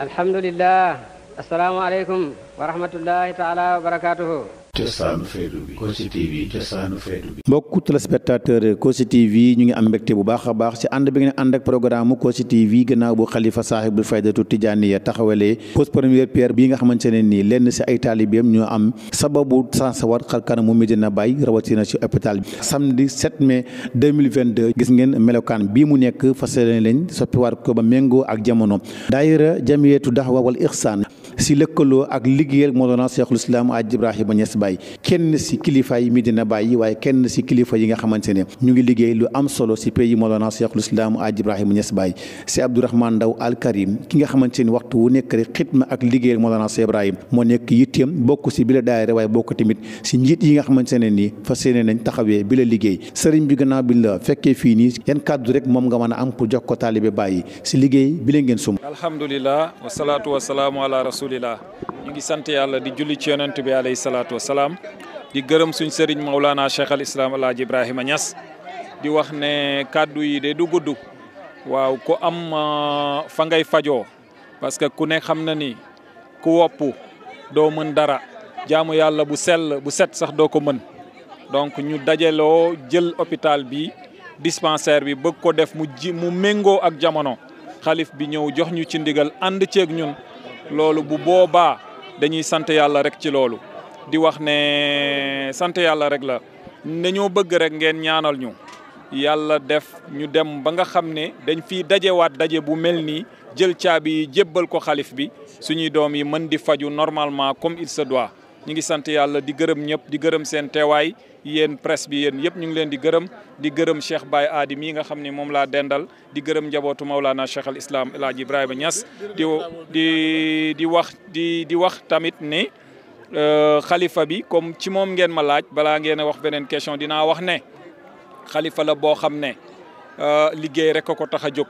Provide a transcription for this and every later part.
الحمد لله السلام عليكم ورحمة الله تعالى وبركاته cosaanu feetu bi Kossy TV cosaanu feetu TV ñu ngi am mbégte bu baax a baax ci ànd bi ngeen ànd ak programme Kossy TV gannaaw bu xalifa saahibul faydatu tijaaniya taxawalee pose première pierre bii nga xamante ne nii lenn ci ay taalibeem ñoo am sababu sansawat xarkana mu Medina Baye rawatina ci hôpital bi samedi 7 mai 2022 gis ngeen melokaan bi mu nekk fa yéene leen soppiwaat ko ba méngoo ak jamono daayira jamiyatu daxwa wal ixsaan si lëkkaloo ak liggéeyal Mawlana Cheikhul Islam Aj Ibrahima Niass Baye kenn si kilifa yi Medina Baye waaye kenn si kilifa yi nga xamante ne ñu ngi liggéey lu am solo si pays Mawlana Cheikhul Islam Aj Ibrahima Niass Baye si Abdourahmane Ndaw Al Karim ki nga xamante ne waxtu nekk rek xitma ak liggéeyal Mawlana Cheikh Ibrahima moo nekk yitteem bokk si bi la daayira waaye bokk tamit si njiit yi nga xamante ne nii fas yéene taxawee bi la liggéey sëriñ bi gannaaw fii nii yan kàddu rek moom nga mën am pour jox ko taalibe Baye si liggéey bi la ngeen sum alhamdulillah wa salaatu wa salaamu alhamdulillah ñu ngi sant yalla di julli ci yonent bi alayhi salatu wassalam di gërëm suñ sëriñ Maulana Cheikh al Islam El Hadj Ibrahima di wax ne kaddu yi de du guddu waaw ko am euh, fa ngay fajo parce que ku ne xam na ni ku wopp do mën dara jaamu yalla bu sel bu set sax do ko mën donc ñu dajelo jël hôpital bi dispensaire bi bëgg ko def mu mu mengo ak jamono khalif bi ñew jox ñu ci ndigal ci ak ñun loolu bu boobaa dañuy sant yàlla rek ci loolu di wax ne sant yàlla rek la nañoo bëgg rek ngeen ñaanal ñu yàlla def ñu dem ba nga xam ne dañ fiy dajewaat daje bu mel nii jël caabi yi jébbal ko xalif bi suñuy doom yi mën di faju normalement comme il sa doit ñu ngi sant yàlla di gërëm ñëpp di gërëm seen teewaay yéen presse bi yéen yëpp ñu ngi leen di gërëm di gërëm Cheikh Baye Adi mii nga xam ni moom laa dendal di gërëm njabootu Maulana Cheikh al Islam El Hadj Ibrahima Niass di di di wax di di wax tamit ni euh, xalifa bi comme ci moom ngeen ma laaj balaa ngeen a wax beneen question dinaa wax ne xalifa la boo xam ne euh, liggéey rek a ko tax a jóg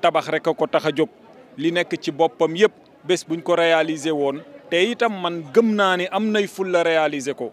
tabax rek a ko tax a jóg li nekk ci boppam yëpp bés buñ ko réaliser woon te itam man gëm naa ni am nay ful la réaliser ko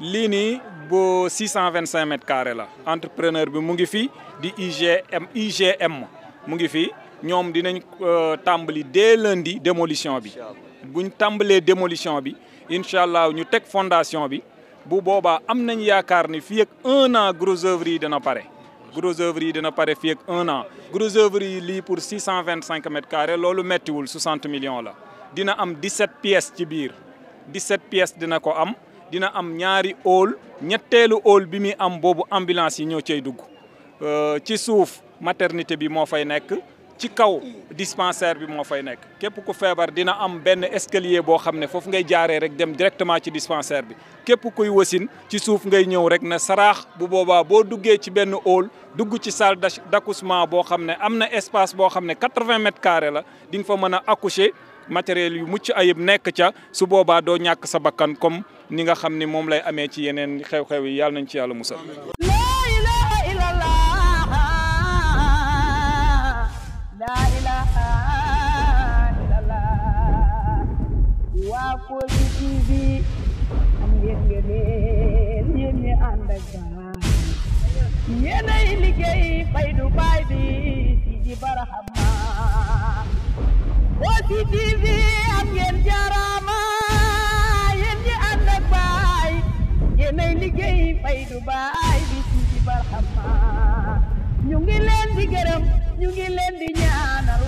Lini bo 625 mètres carrés la entrepreneur bi mu fi di IGM IGM mu ngi fi Ñom dinañ euh, tambali dès lundi démolition bi. buñ tambalé démolition bi Inshallah ñu fondation bi bu boba am nañ yaakar ni fi ak un an gros œuvre yi dina pare. gros œuvre yi dina pare fi ak un an. gros œuvre yi pour 625 mètres carrés metti wul 60 millions la dina am 17 pièces ci biir 17 pièces dina ko am. dina am ñaari óol ñetteelu óol bi muy am boobu ambulance yi ñoo cay dugg euh, ci suuf maternité bi moo fay nekk ci kaw dispensaire bi moo fay nekk képp ku feebar dina am ben escalier boo xam ne foofu ngay jaaree rek dem directement ci dispensaire bi képp kuy wasin ci suuf ngay ñëw rek na saraax bu boobaa boo duggee ci benn hall dugg ci salle d'accouchement boo xam ne am na espace boo xam ne quatre-vingts mètres carrés la di nga fa mën accoucher matériel yu mucc ayib nekk ca su boobaa doo ñàkk sa bakkan comme ni nga xam ni moom lay amee ci yeneen xew-xew yi yàlla nañ ci yàlla musal. waa Kossy TV am liggéey fay du baay bi Kossy TV am ngeen jaaraama yéen ñi ànd baay yéenay liggéey fay du baay bi ci barxama ñu ngi leen gërëm ñu ngi leen di ñaanal